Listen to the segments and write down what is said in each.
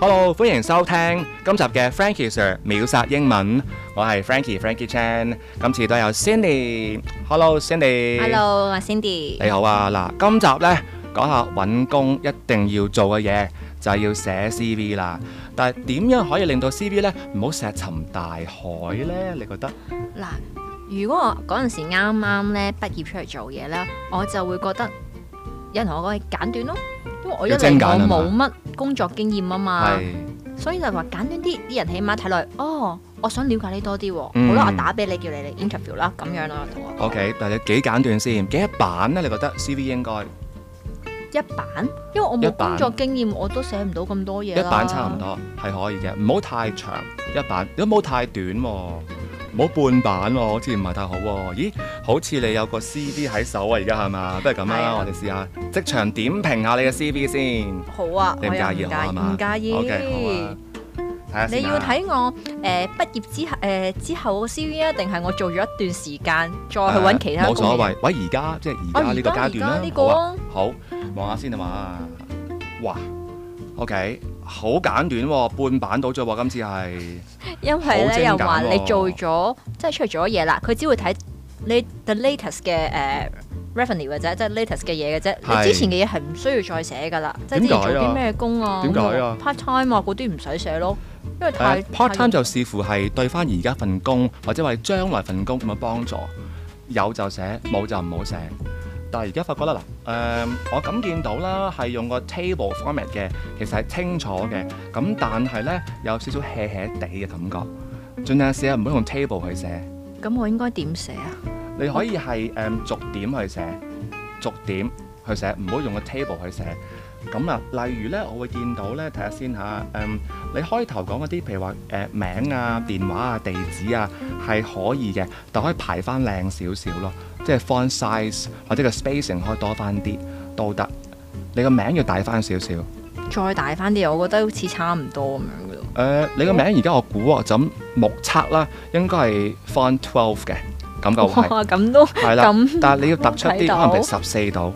Hello，歡迎收聽今集嘅 Frankie Sir 秒殺英文，我係 Frankie，Frankie Chan，今次都有 Cindy，Hello，Cindy，Hello，Cindy，你好啊，嗱，今集咧講下搵工一定要做嘅嘢，就係要寫 C V 啦，但係點樣可以令到 C V 咧唔好石沉大海咧？你覺得？嗱，如果我嗰陣時啱啱咧畢業出嚟做嘢咧，我就會覺得有人同我講係簡短咯。因為我因為我冇乜工作經驗啊嘛，的所以就話簡短啲，啲人起碼睇落哦，我想了解你多啲，嗯、好啦，我打俾你叫你嚟 interview 啦，咁樣咯。嗯、我 OK，但係你幾簡短先？幾一版咧？你覺得 CV 應該一版？因為我冇工作經驗，我都寫唔到咁多嘢。一版差唔多係可以嘅，唔好太長，一版都冇太短，啊。唔好半版喎、啊，好似唔係太好喎、啊。咦，好似你有個 C V 喺手啊，而家係嘛？不如咁樣啦、啊，的我哋試下即場點評下你嘅 C V 先。好啊，你唔介意可係嘛？唔介意。你要睇我誒、呃、畢業之後誒、呃、之後嘅 C V 啊，定係我做咗一段時間再去揾其他？冇所謂。喂，而家即係而家呢個階段啦、啊這個啊。好，望下先係、啊、嘛？哇！OK，好簡短喎、哦，半版到咋喎，今次係 因為咧又話你做咗 即係出咗嘢啦，佢只會睇你 the latest 嘅誒 revenue 或者即係 latest 嘅嘢嘅啫， 你之前嘅嘢係唔需要再寫噶啦，啊、即係之前做啲咩工啊，點解啊，part time 啊嗰啲唔使寫咯，因為太、uh, part time 太就視乎係對翻而家份工或者話將來份工咁嘅幫助，有就寫，冇就唔好寫。但係而家發覺啦，嗱，誒，我咁見到啦，係用個 table format 嘅，其實係清楚嘅，咁但係咧有少少 hea hea 哋嘅感覺。盡量試下唔好用 table 去寫。咁我應該點寫啊？你可以係誒、嗯、逐點去寫，逐點去寫，唔好用個 table 去寫。咁啊，例如咧，我會見到咧，睇下先嚇、啊，誒、嗯，你開頭講嗰啲，譬如話誒、呃、名啊、電話啊、地址啊，係可以嘅，但可以排翻靚少少咯。即係 font size 或者個 spacing 可以多翻啲都得，你個名要大翻少少，再大翻啲，我覺得好似差唔多咁樣嘅咯。誒，你個名而家我估我咁目測啦，應該係 font twelve 嘅感覺。哇，咁都係啦。但係你要突出啲，可能係十四度、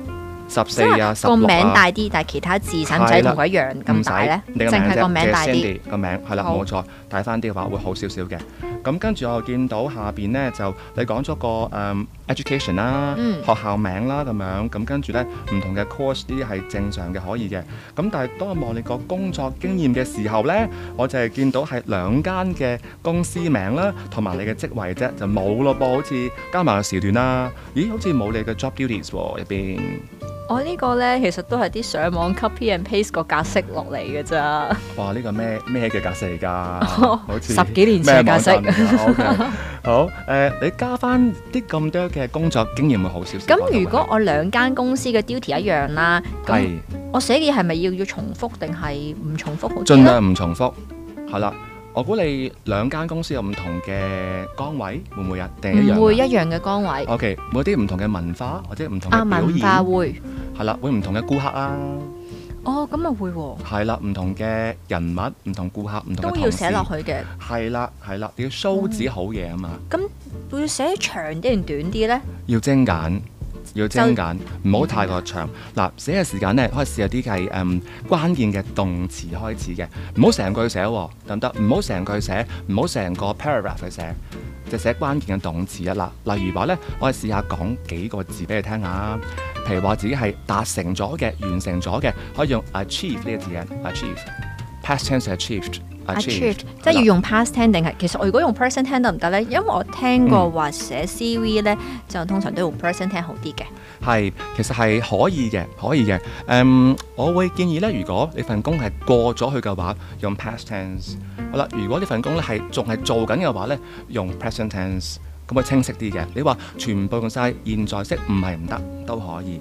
十四啊、十六啊。個名大啲，但係其他字使唔使同佢一樣咁大咧？淨係個名，名大啲，個名係啦，冇好錯，大翻啲嘅話會好少少嘅。咁跟住我又見到下邊呢，就你講咗個誒、um, education 啦，嗯、學校名啦咁樣，咁跟住呢，唔同嘅 course 啲係正常嘅可以嘅。咁但係當我望你個工作經驗嘅時候呢，我就係見到係兩間嘅公司名啦，同埋你嘅職位啫，就冇咯噃，不好似加埋個時段啦、啊。咦？好似冇你嘅 job duties 喎入邊。我呢個咧，其實都係啲上網 copy and paste 個格式落嚟嘅啫。哇！呢個咩咩嘅格式嚟㗎？好似十幾年前嘅格式。好誒，你加翻啲咁多嘅工作經驗會好少少。咁如果我兩間公司嘅 duty 一樣啦，咁我寫嘅嘢係咪要要重複定係唔重複好？盡量唔重複。係啦，我估你兩間公司有唔同嘅崗位會唔會啊？唔會一樣嘅崗位。OK，有啲唔同嘅文化或者唔同嘅表現會。係啦，會唔同嘅顧客啦、啊。Oh, 哦，咁啊會喎。係啦，唔同嘅人物，唔同顧客，唔同，咁都要寫落去嘅。係啦，係啦，要 show、嗯、子好嘢啊嘛。咁會、嗯、寫長啲定短啲咧？要精簡，要精簡，唔好就太過長。嗱、嗯，寫嘅時間咧，可以試下啲係誒關鍵嘅動詞開始嘅，唔好成句寫，得唔得？唔好成句寫，唔好成個 paragraph 去寫，就是、寫關鍵嘅動詞啊！嗱，例如話咧，我哋試下講幾個字俾你聽下。譬如話自己係達成咗嘅、完成咗嘅，可以用 achieve 呢個字眼，achieve。past tense achieved，achieved。即係要用 past tense 定係其實我如果用 present tense 得唔得咧？因為我聽過話寫 CV 咧就通常都用 present tense 好啲嘅。係，其實係可以嘅，可以嘅。誒，我會建議咧，如果你份工係過咗去嘅話，用 past tense。好啦，如果呢份工咧係仲係做緊嘅話咧，用 present tense。咁咪清晰啲嘅。你話全部用晒，現在式唔係唔得都可以，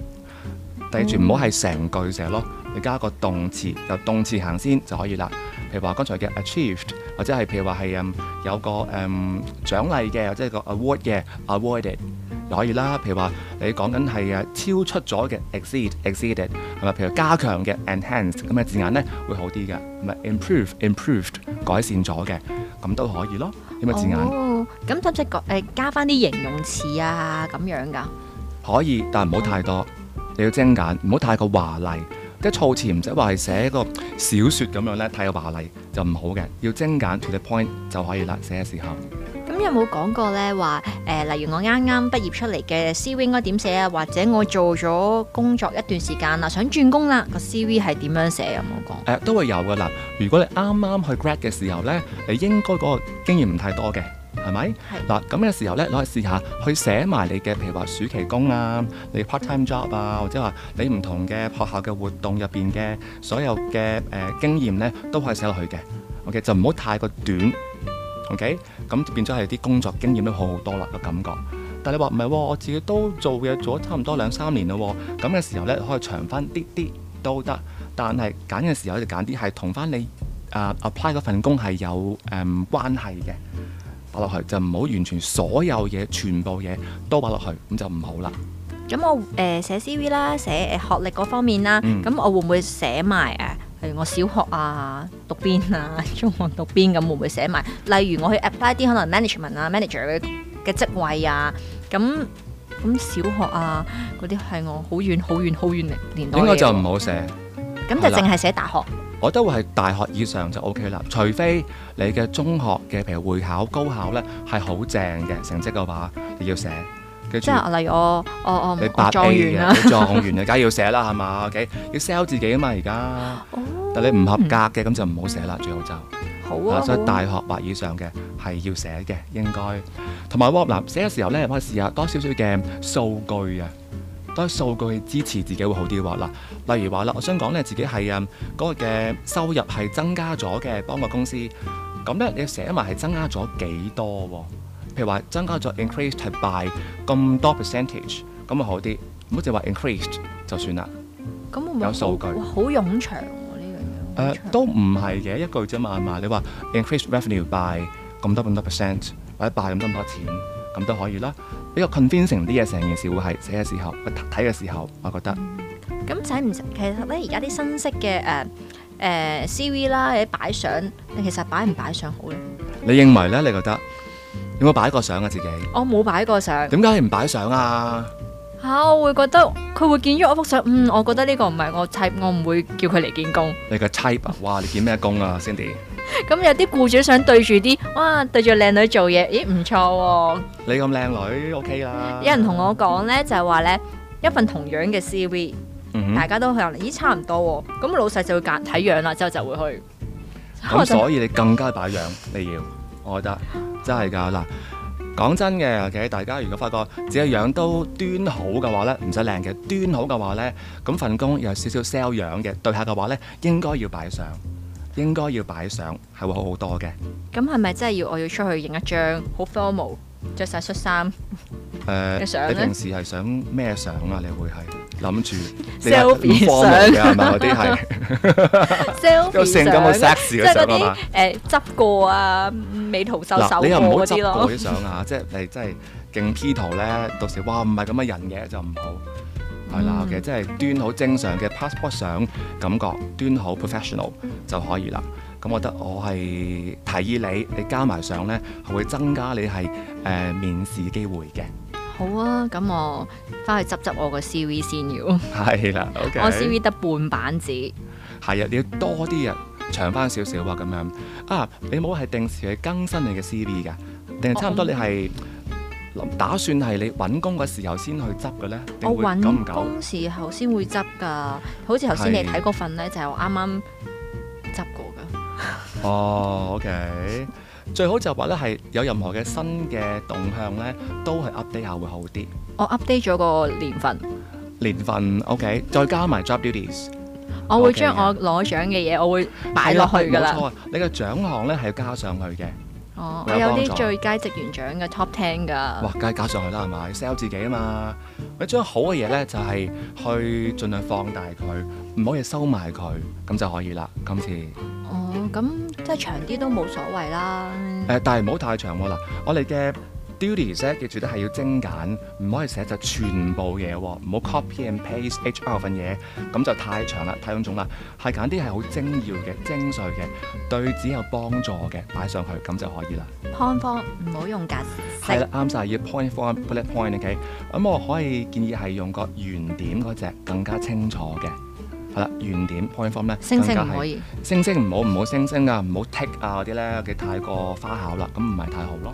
但係、mm. 全唔好係成句寫咯。你加個動詞，就動詞行先就可以啦。譬如話，剛才嘅 achieved，或者係譬如話係有個誒、um, 獎勵嘅，或者係個 award 嘅，avoided 就可以啦。譬如話你講緊係誒超出咗嘅 exceed，exceeded 係咪？Mm. Exceed, 譬如加強嘅、mm. enhanced 咁嘅字眼呢會好啲嘅，咪 improve，improved 改善咗嘅咁都可以咯。咁嘅字眼、oh.？咁使唔使講誒？係咪加翻啲形容詞啊，咁樣噶，可以，但唔好太多。嗯、你要精簡，唔好太過華麗。啲措辭唔使話係寫個小說咁樣咧，太過華麗就唔好嘅。要精簡 to the point 就可以啦。寫嘅時候，咁有冇講過咧？話誒、呃，例如我啱啱畢業出嚟嘅 C V 應該點寫啊？或者我做咗工作一段時間啦，想轉工啦，個 C V 係點樣寫，有冇講？誒、呃、都會有嘅啦。如果你啱啱去 grad 嘅時候咧，你應該嗰個經驗唔太多嘅。係咪？嗱，咁嘅時候咧，攞嚟試下去寫埋你嘅，譬如話暑期工啊，你 part time job 啊，或者話你唔同嘅學校嘅活動入邊嘅所有嘅誒、呃、經驗咧，都可以寫落去嘅。嗯、OK，就唔好太過短。OK，咁變咗係啲工作經驗都好好多啦個感覺。但係你話唔係喎，我自己都做嘢做咗差唔多兩三年啦喎、哦。咁嘅時候咧，可以長翻啲啲都得，但係揀嘅時候就揀啲係同翻你啊、呃、apply 嗰份工係有誒、嗯、關係嘅。擺落去就唔好完全所有嘢，全部嘢都擺落去，咁就唔好啦。咁我誒、呃、寫 CV 啦，寫誒學歷嗰方面啦，咁、嗯、我會唔會寫埋誒、啊？例如我小學啊，讀邊啊，中學讀邊，咁會唔會寫埋？例如我去 apply 啲可能 management 啊、 manager 嘅嘅職位啊，咁咁小學啊嗰啲係我好遠、好遠、好遠嘅年代嘅嘢。應該就唔好寫。咁就淨係寫大學。 我覺得會係大學以上就 O K 啦，除非你嘅中學嘅譬如會考、高考咧係好正嘅成績嘅話，你要寫。即係例如我我我唔狀元啊，你狀元啊，梗係要寫啦，係嘛？O K，要 sell 自己啊嘛，而家。但你唔合格嘅咁就唔好寫啦，最好就。好啊。所以大學或以上嘅係要寫嘅，應該。同埋嗱啦，寫嘅時候咧，可以試下多少少嘅數據啊。多啲數據去支持自己會好啲喎啦，例如話啦，我想講咧自己係啊嗰個嘅收入係增加咗嘅，幫個公司咁咧，你寫埋係增加咗幾多？譬如話增加咗 increased by 咁多 percentage，咁啊好啲，唔好淨話 increased 就算啦。咁我、嗯嗯、有數據，好冗長喎呢樣嘢。誒，都唔係嘅一句啫嘛，係嘛，你話 increased revenue by 咁多咁多 percent，或者 by 咁多咁多錢。咁都可以啦，比較 convincing 啲嘢，成件事會係寫嘅時候，睇嘅時候，我覺得。咁寫唔，其實咧而家啲新式嘅誒誒 CV 啦，擺相，其實擺唔擺相好咧？你認為咧？你覺得有冇擺過相啊？自己？我冇擺過相。點解唔擺相啊？嚇、啊啊！我會覺得佢會見咗我幅相，嗯，我覺得呢個唔係我 type，我唔會叫佢嚟見工。你個 type 哇！你見咩工啊，Cindy？咁、嗯、有啲僱主想對住啲哇對住靚女做嘢，咦唔錯喎、哦！你咁靚女、嗯、OK 啦了。有人同我講呢，就係、是、話呢，一份同樣嘅 CV，、嗯、哼大家都可能咦差唔多喎。咁老細就會揀睇樣啦，之後就會去。咁所以你更加擺樣 你要，我覺得真係噶嗱。講真嘅，其實大家如果發覺自己樣都端好嘅話,話呢，唔使靚嘅端好嘅話呢，咁份工有少少 sell 樣嘅對客嘅話呢，應該要擺上。應該要擺相，係會好好多嘅。咁係咪真係要我要出去影一張好 formal，着晒恤衫？誒、呃，你平時係想咩相啊？你會係諗住 selfie 相啊？係咪嗰啲係 selfie？有成咁嘅 sexy 相啊嘛？執過啊，美圖秀秀你又唔好執嗰啲、啊、 相啊！即係你真係勁 P 圖咧，到時哇唔係咁嘅人嘅就唔好。係啦，其實、啊 okay, 即係端好正常嘅 passport 相，感覺端好 professional 就可以啦。咁我覺得我係提議你，你加埋相咧，係會增加你係誒、呃、面試機會嘅。好啊，咁我翻去執執我個 CV 先要。係啦、啊，okay、我 CV 得半版紙。係啊，你要多啲啊，長翻少少啊，咁樣啊，你冇係定時去更新你嘅 CV 噶，定係差唔多你係。嗯諗打算係你揾工嗰時候先去執嘅咧？我揾工時候先會執㗎，好似頭先你睇嗰份咧，就係我啱啱執過㗎。哦，OK，最好就話咧係有任何嘅新嘅動向咧，都係 update 下會好啲。我 update 咗個年份，年份 OK，再加埋 job duties。我會將我攞獎嘅嘢，我會擺落去㗎啦。冇錯，你嘅獎項咧係要加上去嘅。哦、我有啲最佳職員獎嘅 top ten 㗎。哇，梗係加上去啦，係咪 sell 自己啊嘛？你將好嘅嘢咧，就係、是、去盡量放大佢，唔可以收埋佢，咁就可以啦。今次。哦，咁即係長啲都冇所謂啦。誒、呃，但係唔好太長喎啦。我哋嘅。Duties 咧，uties，記住都係要精簡，唔可以寫就全部嘢喎，唔好 copy and paste HR 份嘢，咁就太長啦，太臃腫啦。係揀啲係好精要嘅、精髓嘅，對自己有幫助嘅，擺上去咁就可以啦。Point form 唔好用緊，係啦，啱晒，要 point form, bullet point OK。咁我可以建議係用個圓點嗰隻更加清楚嘅，係啦，圓點 point form 咧。星星唔可以，星星唔好唔好星星啊，唔好 tick 啊嗰啲咧，嘅、啊、太過花巧啦，咁唔係太好咯。